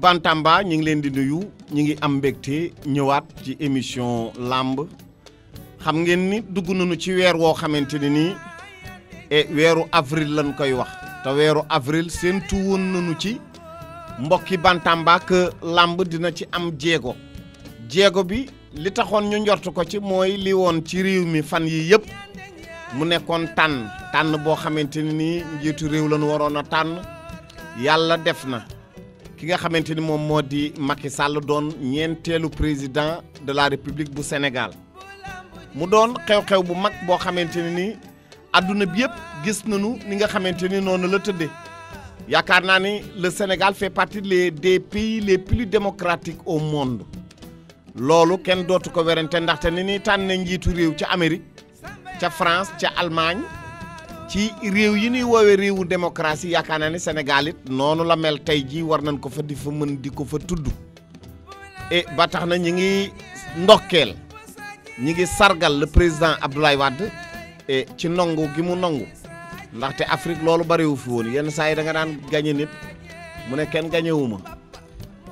Bantamba ñu ngi leen di nuyu ñu ngi am mbégte ñëwaat ci émission làmb xam ngeen ni dugg nañu ci weer woo xamante ne nii e weeru afril lañ koy wax te weeru avril séentu woon nañu ci mbokki Bantamba que làmb dina ci am jéego jéego bi li taxoon ñu njort ko ci mooy liiwoon ci réew mi fan yii yëpp mu nekkoon tànn tànn boo xamante ne nii njiitu réew lañu waroon a tànn yàlla def na ki nga xamante ni moom moo di Macky Sall doon ñeenteelu président de la République bu Sénégal mu doon xew-xew bu mag boo xamante ne ni àdduna bi yëpp gis nañu ni nga xamante ni noonu la tëddee yaakaar naa ni le Sénégal fait partie les des pays les plus démocratiques au monde loolu kenn dootu ko werante ndaxte ni nii tànn njiitu réew ca Amérique ca France ca Allemagne ci réew yi ñuy woowee réewu démocratie yaakaar naa ne Sénégal noonu la mel tey jii war nañ ko fa di fa mën di ko fa tudd et ba tax na ñi ngi ndokkeel ñi ngi sargal le président Abdoulaye Wade e, ci nongu gi mu nongu ndaxte Afrique loolu bariwu fi woon yenn saa yi da nga daan gañe nit mu ne kenn gañewuma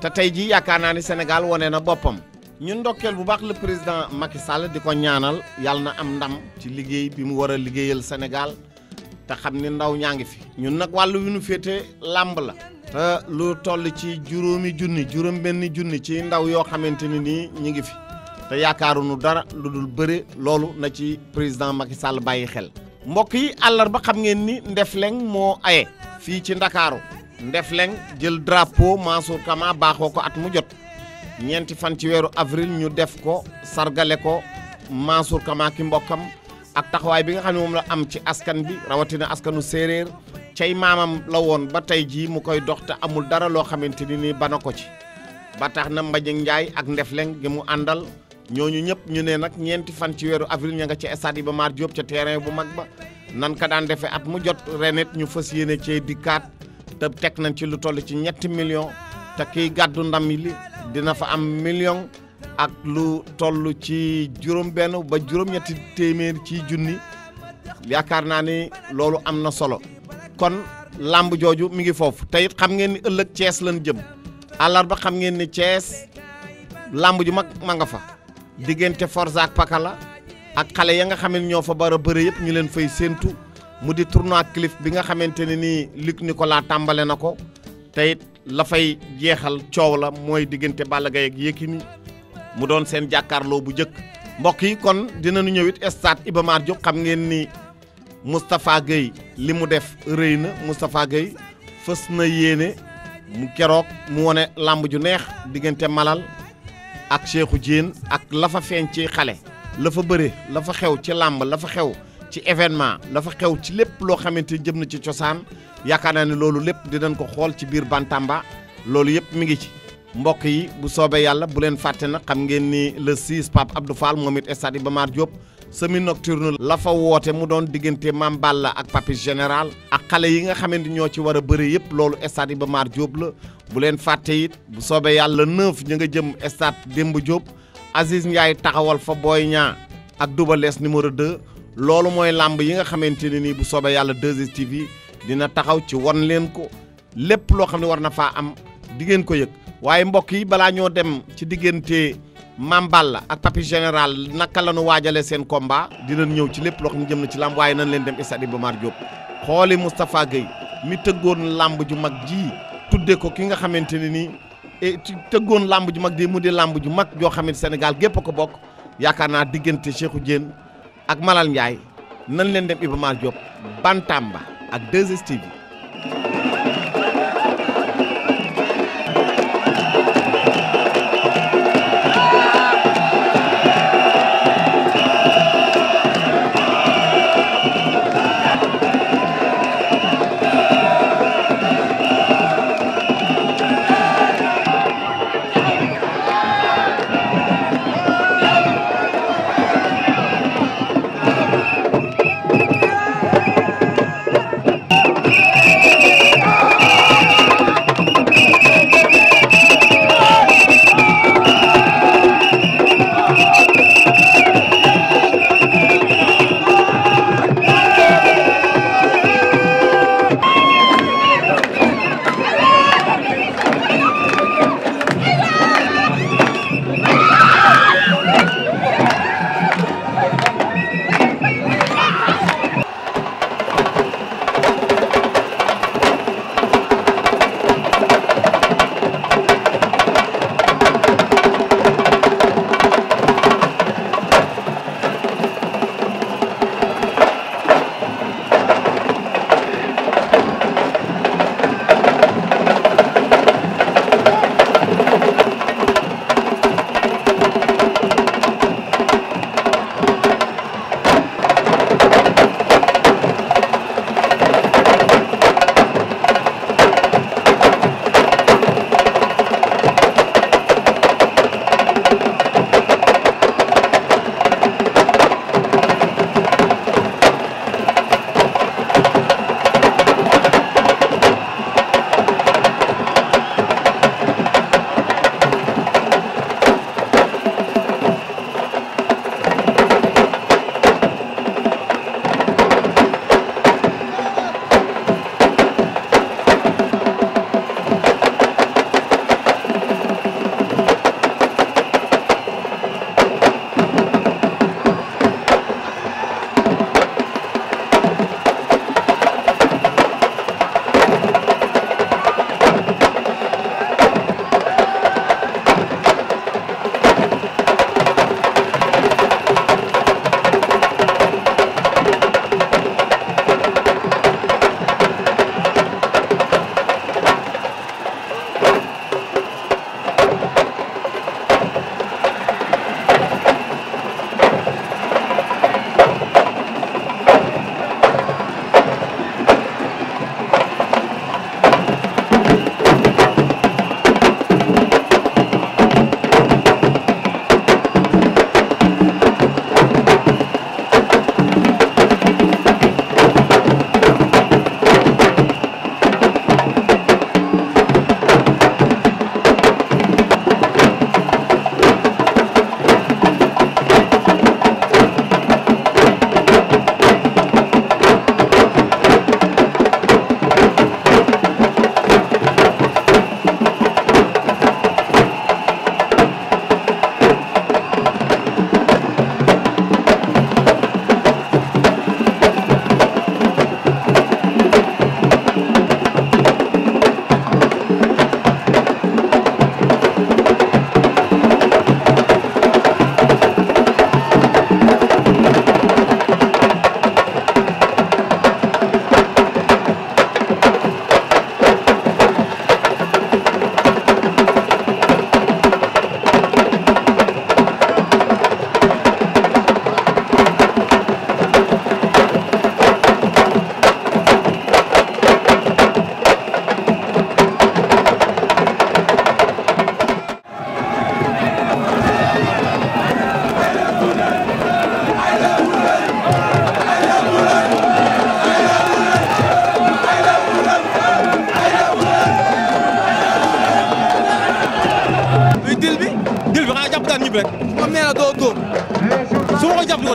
te tey jii yaakaar naa ni Sénégal wane na boppam ñu ndokkeel bu baax la président Macky Sall di ko ñaanal yàlla na am ndam ci liggéey bi mu war a liggéeyal Sénégal te xam ni ndaw ñaa ngi fi ñun nag wàllu wi nu féete làmb la te lu toll ci juróomi junni juróom benn junni ci ndaw yoo xamante ni nii ñi ngi fi te yaakaaruñu dara lu dul bëri loolu na ci président Macky Sall bàyyi xel mbokk yi àllarba xam ngeen ni Ndefleng moo aye fii ci Ndakaaru Ndefleng jël drapo Mansour Kama baaxoo ko at mu jot ñeenti fan ci weeru avril ñu def ko sargale ko Mansour Kama ki mbokkam ak taxawaay bi nga xam ne moom la am ci askan bi rawatina askanu séeréer cay maamam la woon ba tey jii mu koy dox te amul dara loo xamante ni nii bana ko ci ba tax na Mbañik Njaay ak Ndefleng gi mu àndal ñooñu ñëpp ñu ne nag ñeenti fan ci weeru avril ña nga ci stade Iba Mar Diop ca terrain bu mag ba nan ka daan defee at mu jot renet ñu fas yéene cee dikkaat te teg nañ ci lu toll ci ñetti million te kiy gàddu ndam li dina fa am million ak lu toll ci juróom benn ba juróom-ñetti téeméer ci junni yaakaar naa ni loolu am na solo kon làmb jooju mi ngi foofu tey xam ngeen ni ëllëg cees lan jëm àllarba xam ngeen ni cees làmb ju mag ma nga fa diggante Forza ak Pakala ak xale ya nga xam ñoo fa bara bëre yëpp ñu leen fay séentu mu di tournoi cliff bi nga xamante ne nii Luc Nicolas tàmbale na ko te it la fay jeexal coow la mooy diggante Balla Gaye mu doon seen jàkkaarloo bu njëkk mbokk yi kon dinañu ñëw it stade Iba Mar xam ngeen ni Moustapha Gueye li mu def rëy na Moustapha Gueye fës na yéene mu keroog mu wone làmb ju neex diggante Malal ak Cheikhou Diène ak lafa feeñ ci xale lafa fa bëre la fa xew ci làmb la fa xew ci événement la xew ci lépp loo xamante jëm na ci cosaan yaakaar naa ne loolu lépp dinañ ko xool ci biir Bantamba loolu yëpp mi ngi ci mbokk yi bu soobee yàlla bu leen fàtte na xam ngeen ni le 6 Pape Abdou Fall moom it stade Iba Mar Diop semi nocturne la fa woote mu doon diggante Mame Balla ak Papis Général ak xale yi nga xamante ñoo ci war a bëri yëpp loolu stade ba Mar Diop la bu leen fàtte it bu soobee yàlla neuf ñu nga jëm stade Demba Diop Aziz Ndiaye taxawal fa booy Niang ak Double Less numéro 2 loolu mooy làmb yi nga xamante ne nii bu soobee yàlla 2STV dina taxaw ci won leen ko lépp loo xam ne war na faa am di ngeen ko yëg waaye mbokk yi balaa ñoo dem ci diggante Mamballa ak papi général naka la ñu waajale seen combat dinañ ñëw ci lépp loo xam jëm na ci làmb waaye nañ leen dem stade Iba Mar Diop xooli Moustapha Gueye mi tëggoon làmb ju mag ji tuddee ko ki nga xamante ne nii eh, ci tëggoon làmb ju mag di mu di làmb ju mag joo xam ne Sénégal gépp ko bokk yaakaar naa diggante Cheikhou jéen ak Malal Ndiaye nañ leen dem Iba Mar Diop Bantamba ak 2STV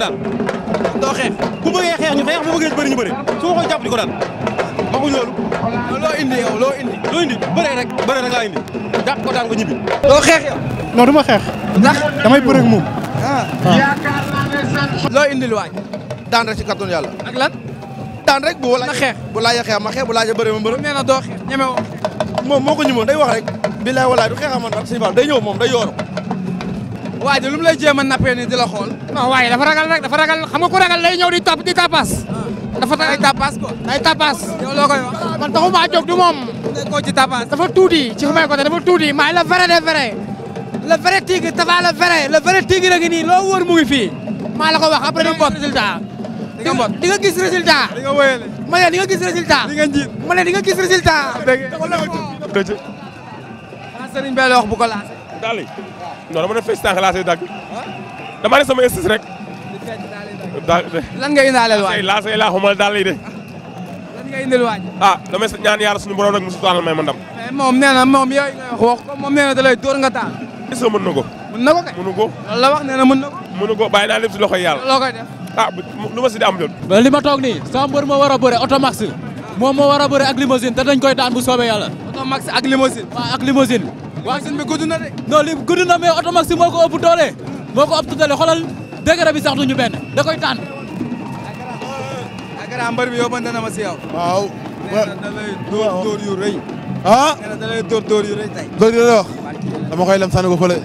daan doo xeex bu bëggee xeex ñu xeex bu bëggee ñu bëri su ma ko jàpp di ko daan waxuñ loolu loo indi yow loo indi loo indi bëree rek bëree rek laa indi jàpp ko daan ko ñibbi doo xeex yow non du ma xeex ndax damay bëri ak moom waaw ah. ah. loo indi lu waaj daan rek ci kàttanu daan rek bu wala xeex bu laajee xeex ma xeex bu laajee bëri ma bëri nee na doo xeex ñeme woo moom moo ko ñimoon wax rek bilaay walaay du a man daal suñu faam day ñëw moom day a nappee non waaye dafa ragal dafa ragal xam nga ko ragal lay ñëw di topp di tapas. Ah. dafa ay tapas ko ay tapas. yow loo man taxumaa jóg du moom. nekkoo ci tapas. dafa tuuti ci xumay côté dafa tuuti maay le vrai des vrai. le vrai tigre Tapha le vrai le vrai tigre la nii loo wër mu ngi fii. maa la ko wax après di nga gis résultat. di nga gis résultat. di nga wéyale. ma ne di nga gis résultat. di nga njiit ma ne di nga gis résultat. Ah, wax bu ko laasé. daal non dama ne fes dama ne sama instis rek. lan nga indaaleel waaj laa say laa xumal daal lay de. lan nga indil waaj. ah damay ñaan yàlla suñu borom rek mu sutaanal may ma ndam. mais moom nee moom yooyu wax ko moom nee na da lay dóor nga taal. est-ce que mën na ko. mën na ko kay mënu ko. loolu la wax ko. mënu ko bàyyi naa lépp si loxoy yàlla. loo koy ah, ma si di am jot. li ma toog nii sama mbër moo war a bëre Automax moo war a ak limousine te koy daan bu soobee yàlla. Automax ak ak limousine. limousine bi gudd na de. non li gudd na mais Automax moo ko moo ko obstaclé xoolal degré bi sax duñu benn da koy tànn. Agra mbër na ma si yow. waaw. nee na da lay dóor dóor ah? ko fële.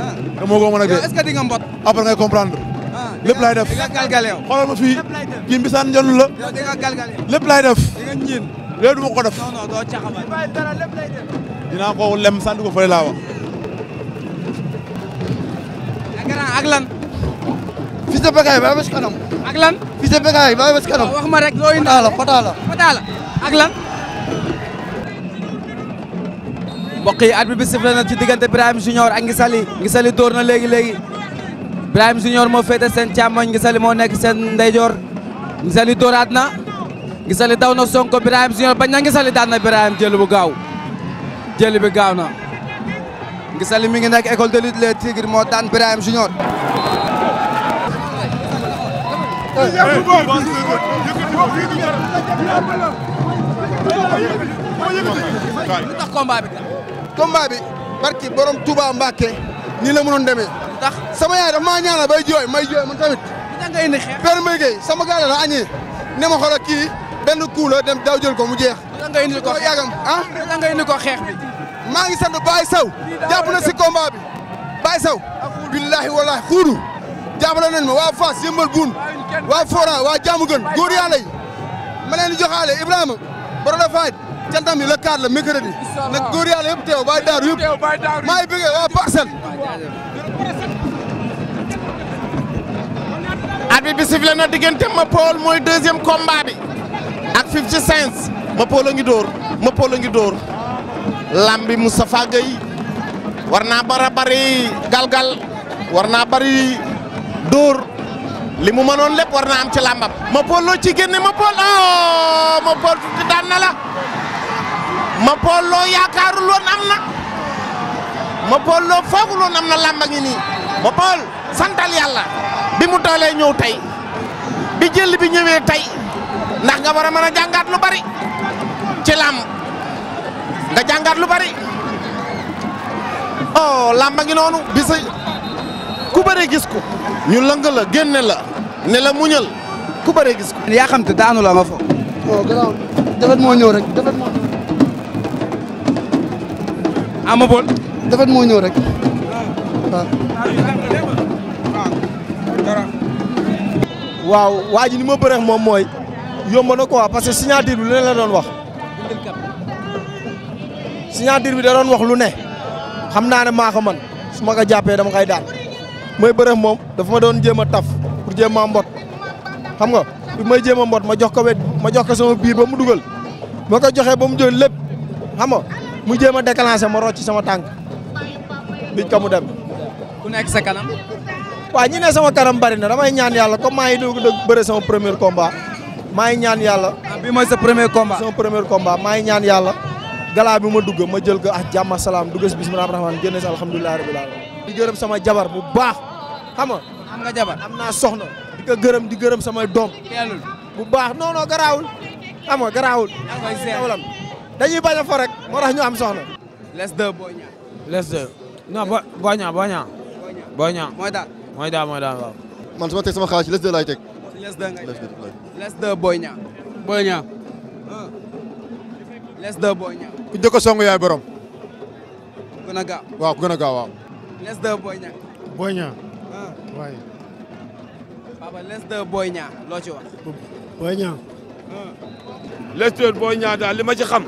ah ko mën a dee. est-ce que di mbot. après ngay comprendre. Ah, lépp laay def di nga galgal yow. xoolal ma fii def. di nga ko def. non ko lem sànni ko fële laa grand ak lan. Fils de Bécaye bàyyi ba si kanam. ak lan. Fils de Bécaye bàyyi ba si kanam. Oh, wax ma rek loo ak lan. mbokk yi at bi bi na ci diggante Birahim Junior ak Ngisali dóor na léegi léegi Birahim Junior moo féete seen càmmoñ Ngisali moo nekk seen ndeyjoor Ngisali dóoraat na Ngisali daw na Sonko Birahim Junior bañ na Ngisali daan na Birahim jël bu gaaw jël bi gaaw na. Macky Sall mi ngi nekk école de lutte les Tigres moo daan Birahim Junior. lu tax barki borom Touba Mbacke nii la mënoon demee. tax sama yaay dafa maa ñaanal bay jooy may jooy man tamit. da sama gars la añee ne ma xoolal kii benn coup dem daw jël ko mu jeex. da nga indi xeex ah? maa ngi sant Baye Sow jàpp na si combat bi Baye Sow billahi wallahi xuudu jàppale nañ ma waa Fass yëmbal buun waa Fora waa jaamu gën góor yàlla yi ma leen di joxaale Ibrahima boro da faaj cantam la kaat la mercredi nag góor yàlla yëpp teew Baye Daaru yëpp maa ngi bëggee waa parcelle arbitre bi sifflé na diggante Mapol mooy deuxième combat bi ak Fifty Cents Mapol a ngi dóor Mapol a ngi dóor lambi Moustapha Gueye war naa bara bari galgal war naa bari dóor li mu mënoon lépp war naa am ci làmbam ma pool ci génne ma pool oh ma pool tuuti daan na la ma pool yaakaarul woon am na ma pool loo foogul woon am na làmba ngi nii ma pool santal yàlla bi mu doolee ñëw tey bi jël bi ñëwee tey ndax nga war a mën a jàngaat lu bari ci làmb nga jàngaat lu bari oh làmba ngi noonu bisa ku bëree gis ko ñu lëng la génne la ne la muñal ku bëree gis ko. yaa xam te daanu la nga fo. oh garaaw defet moo ñëw rek defet moo. Ama Baldé. defet moo ñëw waaw. waaw waa ji ni ma bëree moom mooy yomb na quoi parce que signature bi lu leen la doon wax. signature bi da doon wax lu ne xam naa ne maa ko man su ma ko jàppee dama koy daan mooy bërëx moom dafa ma doon jéem a taf pour jéem maa mbot xam nga bi may jéem a mbot ma jox ko wet ma jox ko sama biir ba mu dugal ma ko joxee ba mu jël lépp xam nga mu jéem a déclenché ma rocc sama tànk biñ ko mu dem. ku nekk sa kanam. waaw ñi ne sama kanam bari na damay ñaan yàlla comme maa ngi dugg bëre sama premier combat maa ngi ñaan yàlla. Ah, bi mooy sa premier combat. sama premier combat maa ngi ñaan yàlla. galaa bi ma dugg ma jël ko ah, ak jàmm salaam dugg si bisimilah rahmaan génn si alhamdulilah di gërëm sama jabar bu baax xam am nga naa soxna. di ko gërëm di gërëm samay doom. teelul baax non non garaawul. xam garaawul. dañuy bañ fo rek moo tax ñu am soxna. les deux boo ñaa. mooy daal mooy daal mooy daal waaw. man su teg sama xaalis les deux laay teg. Less 2 Boy Niang. ku njëkk a song borom. waaw ku gaaw waaw. Less 2 Boy ah. loo ci wax. Boy Niang. Ah. Less daal li ma ci xam.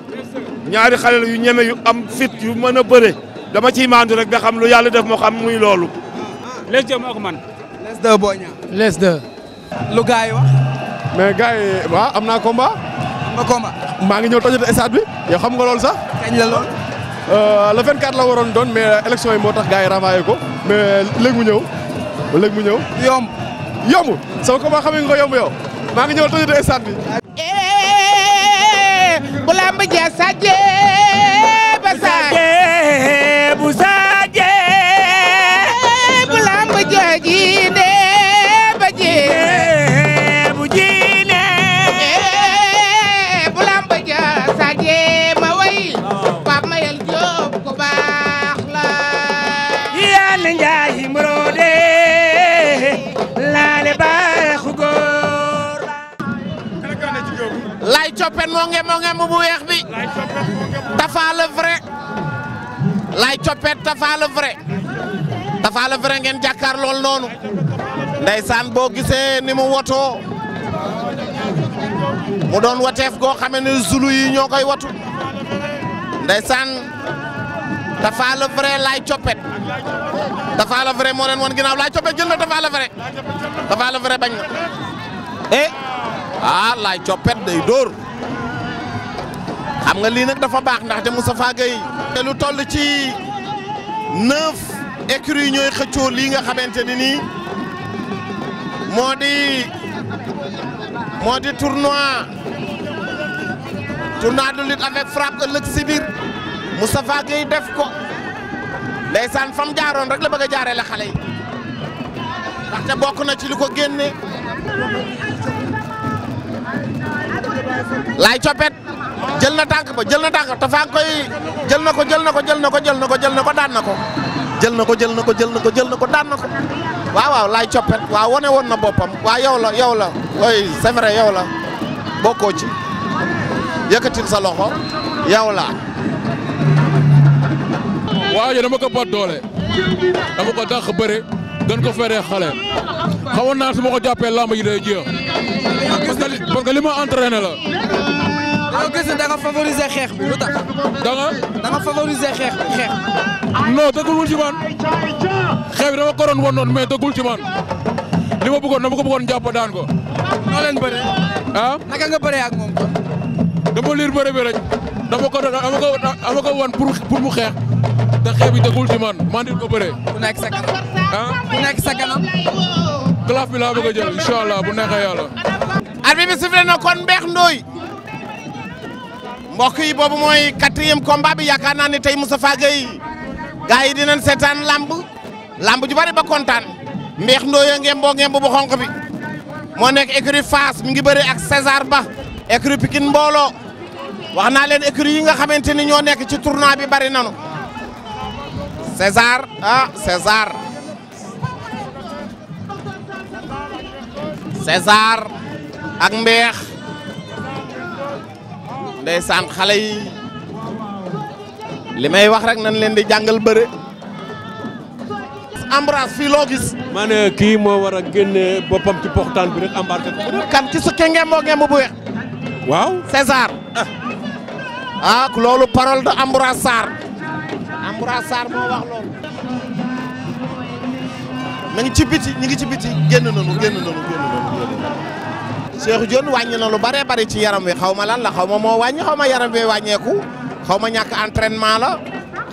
ñaari xale yu ñeme yu am fit yu mën a bëre. dama ciy maandu rek ba xam lu yàlla def moo xam muy loolu. Ah, Less lu gars wax. mais gars yi am naa combat. am nga combat. maa ngi ñëw tojjate stade bi yow xam nga loolu sax. kañ la lool. Euh, la waroon doon mais élection yi moo tax gars yi ravaillé ko mais léegi mu ñëw léegi mu ñëw. yomb yomb sama comment xam nga ko yomb yow maa ngi ñëw tojjate stade bi. Eh, bu lamb ja sajjee. kan moo nge moo nge mu bu weex bi Tapha le vrai Laye Thiopete Tapha ngeen jàkkaar lool noonu ndeysaan boo gisee ni mu wotoo mu doon wateef goo xamee ne zulu yi ñoo koy watu ndeysaan Tapha le vrai Laye Thiopete Tapha le vrai moo leen woon ginnaaw Laye Thiopete jël na Tapha le vrai Tapha bañ na eh ah Laye Thiopete day dóor xam nga lii nag dafa baax ndaxte Moustapha Gueye te lu toll ci neuf écuries ñooy xëccoo lii nga xamante ni nii moo di moo di tournoi tournoi de lutte avec frappe ëllëg si biir Moustapha Gueye def ko ndeysaan fam jaaroon rek la bëgg a jaaree la xale yi ndaxte bokk na ci lu ko génne laay copet jël na tànk ba jël na tànk Tapha nga jël na ko jël na ko jël na ko jël na ko jël na ko daan na ko jël na ko jël na ko jël na ko jël na ko daan na ko waaw laay coppet waa wone woon na boppam waaw yow la yow la ooy c'est vrai yow la bokkoo ci yëkkatil sa loxo yow la waaw yo dama ko boot doole ko dàq bëre gën ko feree xale xawoon naa su ma ko jàppee làmb yi day jeex parce que li la dañoo gis ne da xeex bi lu ta da nga da nga favoriser xeex bi xeex. non dëggul ci man xeex bi noonu mais dëggul ci man ma bëggoon dama ko bëggoon daan ko. noo leen bëree. Ah? naka nga bëree ak moom kon. dama liir bëre bi rek dama ko dama wan pour pour mu xeex te xeex bi dëggul ci man ko bëree. ku nekk sa kanam. ah ku nekk bi laa bëgg a jël bu neexee yàlla. bi sifflé na kon Mbekh Ndoye mbokk yi boobu mooy quatrième combat bi yaakaar naa ne tey Moustapha Gueye gars yi dinañ seetaan lamb lamb ju bari ba kontaan mbeex ndooyo ngeem boo bu xonq bi moo nekk écurie Fass mi ngi bëri ak César Ba écurie Pikine mbooloo wax naa leen écurie yi nga xamante ni ñoo nekk ci tournoi bi bari nanu César ah César ak mbeex ndeysaan xale yi li may wax rek nañ leen di jàngal bëre. embrasse fii loo gis. kii moo war a génne boppam ci poxtaan bi rek embarqué ko. kan ci sukkee ngeen moo ngeen bu weex. waaw César. ah loolu parole de Ambroise Sarr. moo wax loolu. ma ngi ci biti ñu ngi ci biti génn nañu génn nañu Cheikh Dione wàññi na lu bare bare ci yaram wi xaw ma lan la xaw ma moo wàññi xaw ma yaram wi wàññeeku xaw ma ñàkk entraînement la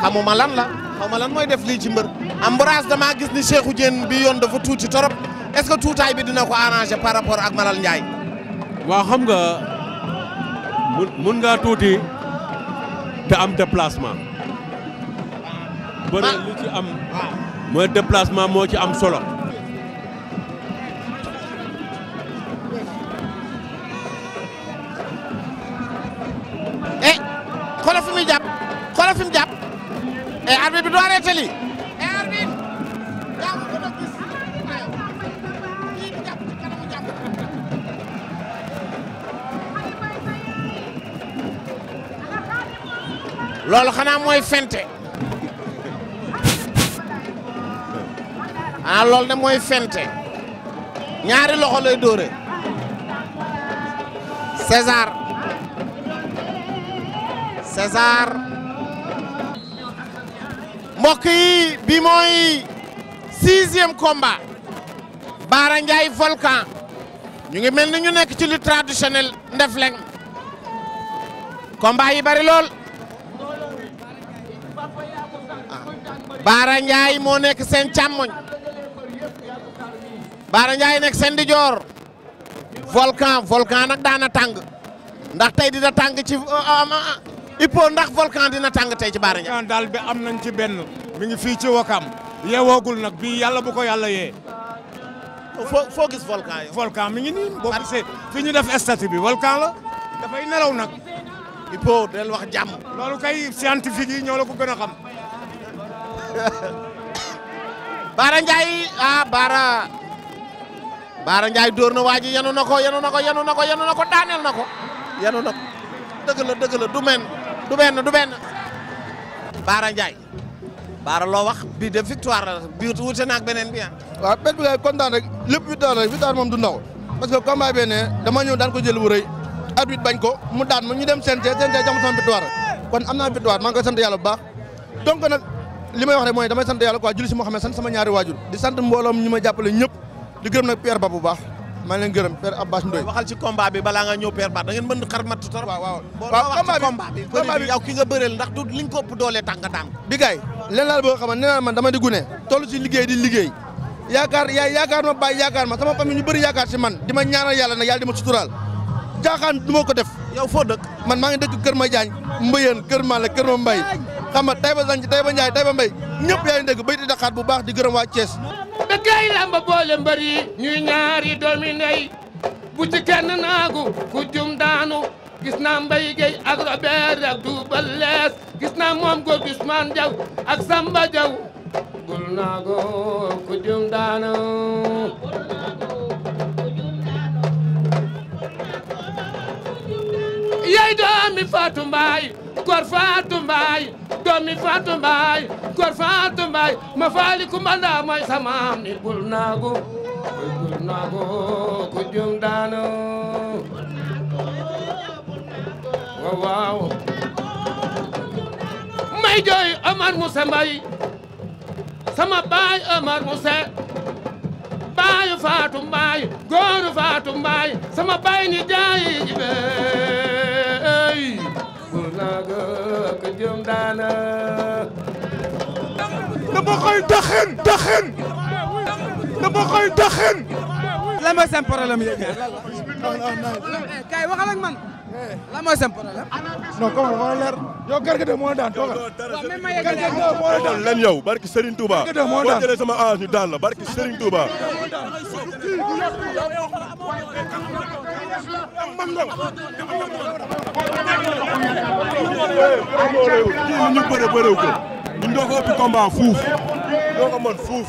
xamuma lan la xaw ma lan mooy def lii ci mbër Ambroise damaa gis ni Cheikh Dione bi yoon dafa tuuti torop est-ce que tuutaay bi dina ko arranger par rapport ak Malal waa xam nga mun mun ngaa tuuti te am déplacement. ba lu ci am. mooy déplacement moo ci am solo. du xanaa mooy fente ah loolu de mooy fente ñaari loxo lay dóore César mbokk yi bi mooy sixième combat Bara Ndiaye Volcan ñu ngi mel ni ñu nekk ci lu traditionnel Ndefleng combat yi bari lool ah. Bara Ndiaye moo nekk seen càmmoñ Bara Ndiaye nekk seen ndijoor Volcan Volcan nag daana tàng ndax tey dina tàng ci euh, euh, Hippo ndax volcan dina tàng tey ci Baara daal bi am nañ ci benn mi ngi fii ci Wakam yeewoogul nag bii yàlla bu ko yàlla yee. foo foo gis volcan yi. volcan mi ngi nii boo gisee fi ñu def statue bi volcan la dafay nelaw nag. Hippo del wax jàmm. loolu kay scientifique yi ñoo la ko gën a xam. Baara Ndiaye ah Baara Baara Ndiaye dóor na waa ji yanu na ko yanu na ko yanu na ko yanu na ko daaneel na du benn du benn. Baara Ndiaye. Baara loo wax bii de victoire bii wute naag beneen bi ah. waaw benn bi kay kontaan rek lépp victoire rek moom du ndaw parce que combat bi ne dama ñëw daan ko jël wu at wit bañ ko mu daan mu ñu dem CNG CNG jàmm sama victoire kon am naa victoire maa ngi koy sant yàlla bu baax donc nag li may wax rek mooy damay sant yàlla quoi julli si Mouhamed sant sama ñaari waajur di sant mbooloom ñi ma jàppale ñëpp di gërëm nag Pierre Ba bu baax. maa leen gërëm Père Abbas Ndoye waxal ci combat bi balaa nga ñëw Père Ba da ngeen mën xar ki nga bëreel ndax du liñ doole tax nga daan laal boo xam ne man dama di gune toll ci liggéey di liggéey yaakaar yaa yaakaar ma bàyyi yaakaar ma sama famille ñu bëri yaakaar ci man di ma ñaanal yàlla nag yàlla di ma suturaal jaaxaan du ko def yow foo dëkk man maa ngi dëkk kër ma jaañ mbëyeen kër ma la kër ma mbay xam nga Taïba Zanj Taïba Njaay Taïba Mbay ñëpp yaa ngi dëkk bay di daqaat bu baax di gërëm waa da kay lamba boole mbër yi ñuy ñaari doomi ney bu ci kenn naagu ku jum daanu gis naa Mbaye Gueye ak Robert ak Double Less gis naa moom góor Ousmane Diaw ak Samba Diaw bul naagu ku jum daanu yey doomi Fatou Mbaye góor Fatou Mbaye doomi Fatou Mbaye góor ma faali kumanda mooy samaam ni bul naagu bul ku jum daanu waaw may jooy Omar Moussa Mbaye sama baay Omar Moussa baayu Fatou Mbaye góoru sama baay ni jaayi jibe naana dama koy daxin daxin dama koy daxin la ma seen problème yéen kay waxal ak man lan mooy seen problème. leer. yow Garga de moo daan toogal. waaw même ma yeggee de Garga daan lan barki Serigne Touba. Garga sama avance ñu daan la barki Serigne Touba. ñu bëre bërew ko. ñu fuuf. doog a mën fuuf.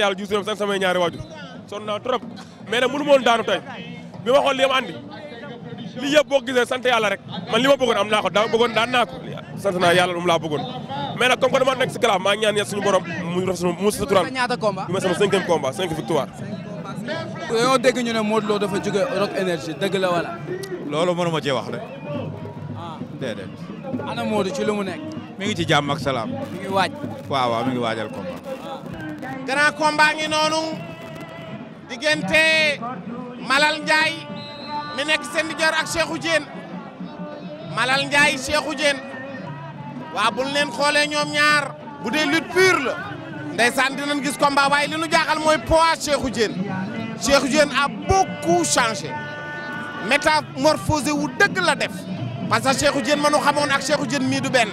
yàlla ju suram sant samay ñaari waajur sonn naa trop mais nag mënu moon daanu tey bi ma xool li ma andi li yëpp gisee sant yàlla rek man li ma am naa ko daa bëggoon daan naa ko sant naa yàlla lu laa bëggoon mais nag comme que dama nekk si calaf maa ngi ñaan suñu borom mu raf suñu mu sutural bi ma sama cinquième combat cinq victoire dañoo dégg ñu ne Modou Lo dafa jóge Rock Énergie dëgg la wala loolu na cee wax rek ah. déedéet ana Modou ci lu mi ngi ci jàmm ak salaam mi ngi waaj waaw waaw mi grand combat ngi noonu diggante Malal Ndiaye mi nekk seen ndijoor ak Cheikhou Malal Ndiaye Cheikhou Diène waa buñ leen xoolee ñoom ñaar bu dee lutte pure la ndeysaan dinañ gis combat waaye li nu jaaxal mooy poids Cheikhou Diène Cheikhou Diène a beaucoup changé métamorphosé wu dëgg la def parce que Cheikhou Diène manu xamoon ak Cheikhou Diène mii du benn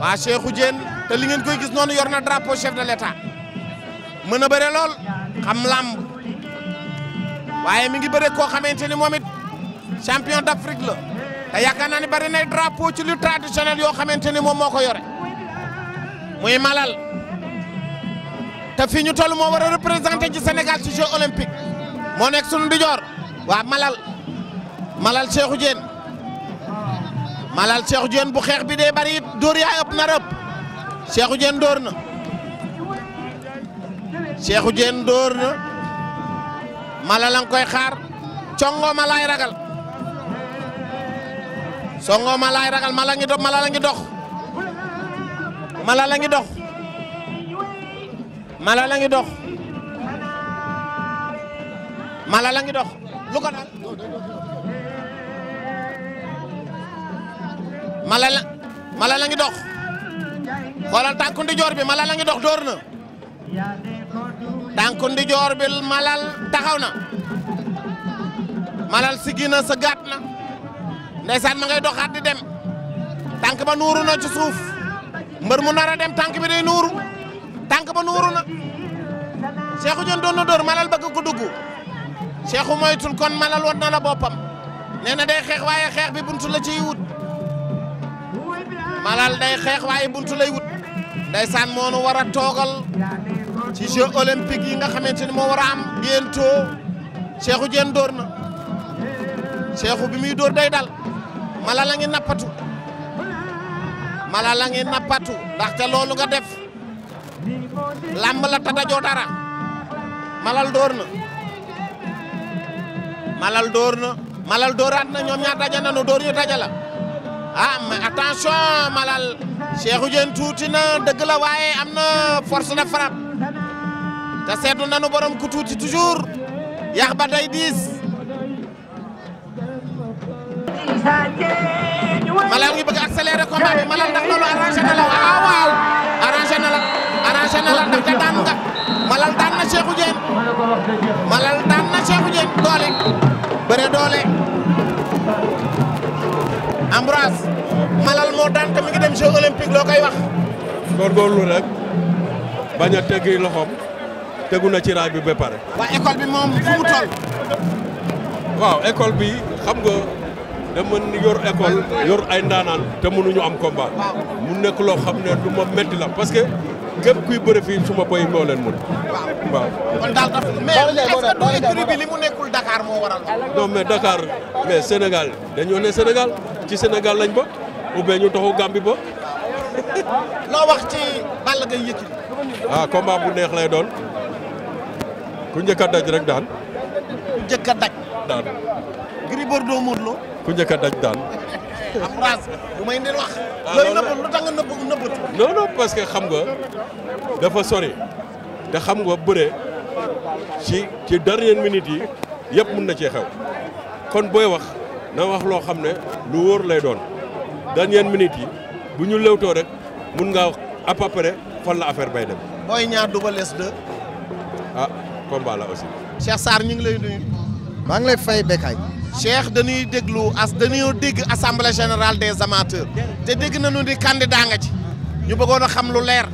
waa Cheikhou Diène te li ngeen koy gis noonu yor na drapeau chef de l'État mën a bëre lool xam làmb waaye mi ngi bëre koo xamante ni moom it champion d'Afrique la te yaakaar naa ni bari nay drapeau ci lu traditionnel yoo xamante ni moom moo ko yore muy malal te fii ñu toll moo war a représenté ci senegal ci jeux olympiques moo nekk sunu ndijoor waa malal malal Cheikhou Diène malal Cheikhou Diène bu xeex bi dee bari dóor yaa ëpp nar ëpp Cheikhou Diène dóor na Cheikhou Diène dóor na mala la koy xaar congo malaay ragal songo malaay ragal mala ngi dox mala la ngi dox mala la ngi dox la ngi dox mala la ngi dox lu ko daal mala la mala la ngi dox xoolal tànku ndijoor bi mala la ngi dox dóor na tànk ndijoor bi malal taxaw na malal siggi na sa gàtt na ndeysaan ma ngay doxaat di dem tànk ba nuuru na ci suuf mbër mu nar a dem tànk bi day nuuru tànk ba nuuru na Cheikhou Diène doon na dóor malal bëgg ko dugg Cheikhou moytul kon malal wat na la boppam nee na day xeex waaye xeex bi buntu la ciy wut malal day xeex waaye buntu lay wut ndeysaan moo nu war a toogal ci jeux yi nga xamante ni moo war a am bientôt Cheikhou dóor na Cheikhou bi muy dóor day dal mala la ngi nappatu mala la ngi nappatu ndaxte loolu nga def làmb la tadajoo dara malal dóor na malal dóor na malal dóoraat na ñoom ñaar daja nanu dóor yu daja la ah mais attention malal Cheikhou Diène tuuti na dëgg la waaye am na force de frappe te seetlu nanu borom ku tuuti toujours yax ba day diis Malal ngi bëgg accélérer combat bi Malal ndax loolu arrangé na la waaw na la arrangé na la ndax daan Malal daan na Cheikhou Malal daan na Cheikhou doole bëre doole Ambroise Malal moo daan te ngi dem Jeux olympiques loo koy wax góorgóorlu rek bañ a teggi loxoom tegu na ci raay bi ba pare. école bi moom fu waaw école bi xam nga dama yor école yor ay ndaanaan te ñu am combat. mu nekk loo xam ne du ma métti la parce que képp kuy bëre suma boy moo leen mën. waaw kon daal dafa mais est-ce que du bi li mu nekkul Dakar moo waral. non mais Dakar mais Sénégal dañoo ne Sénégal ci senegal lañ ba ou bien ñu taxu Gambie ba. loo wax ci Balla Gaye Yékini. ah combat bu neex lay doon. ku njëkk a daj rek daan. ku njëkk a daj. daan. Gris Bordeaux Modou Lo. ku njëkk a daj daan. am phrase ah, parce que xam nga dafa sori te xam nga bëre ci ci dernière minute yi yëpp mën na cee xew kon booy wax na wax loo xam ne lu wóor lay doon dernière minute yi bu ñu lewtoo rek mun ngaa wax à peu près fan la affaire bay dem. booy ñaar Double Less 2. ah. combat la aussi. Cheikh Sarr ñu ngi lay nuyu. maa ngi la fay Bekay. Cheikh dañuy déglu as dañoo dégg assemblée générale des amateurs. te dégg nañu di candidat nga ji ñu bëggoon a xam lu leer.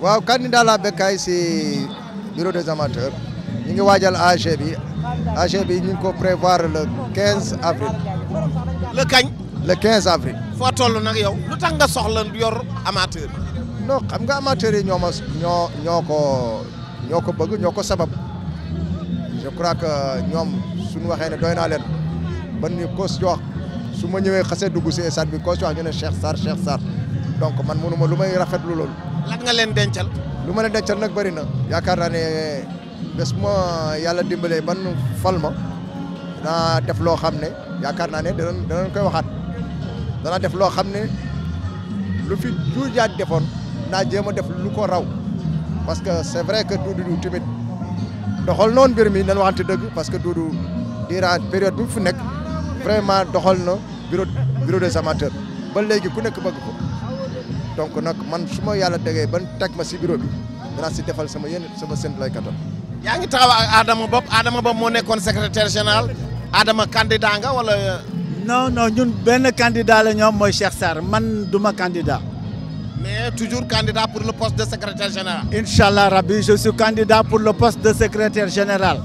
waaw candidat la Bekay si bureau des amateurs. ñu ngi waajal AG bi AG bi ñu ko prévoir le 15 avril. le kañ. le 15 avril. foo toll nag yow lu tax nga soxla yor amateur. no xam nga amateurs yi ñoo ma ñoo ñoo ko ñoo ko bëgg ñoo ko sabab. je crois que ñoom suñu waxee ne doy a leen ban ni coach wax su ma ñëwee xasee dugg si stade bi coach wax ñu ne Cheikh Sarr Cheikh Sarr donc man mënu ma lu may rafetlu loolu. leen dencal. lu ma leen dencal nag bëri na yaakaar ne bés ma yàlla dimbalee ban fal ma danaa def loo xam ne yaakaar naa ne danañ danañ koy waxaat dana def loo xam ne lu fi jur jaaj defoon naa jéem a def lu ko raw parce que c'est vrai que Doudou Diouf tamit. doxal noonu mbir mi nañ waxante dëgg parce que Doudou durant période bi fu nekk vraiment doxal na bureau bureau des ba léegi ku nekk bëgg ko donc nag man fu ma yàlla tegee ban teg ma si bureau bi danaa si defal sama yenn sama seen lay kattan. yaa ngi taxaw ak Adama Bopp Adama Bopp moo nekkoon secrétaire général Adama candidat nga wala. non non ñun benn candidat la ñoom mooy Cheikh Sarr man duma candidat. mais toujours candidat pour le poste de secrétaire général. incha allah rabbi je suis candidat pour le poste de secrétaire général.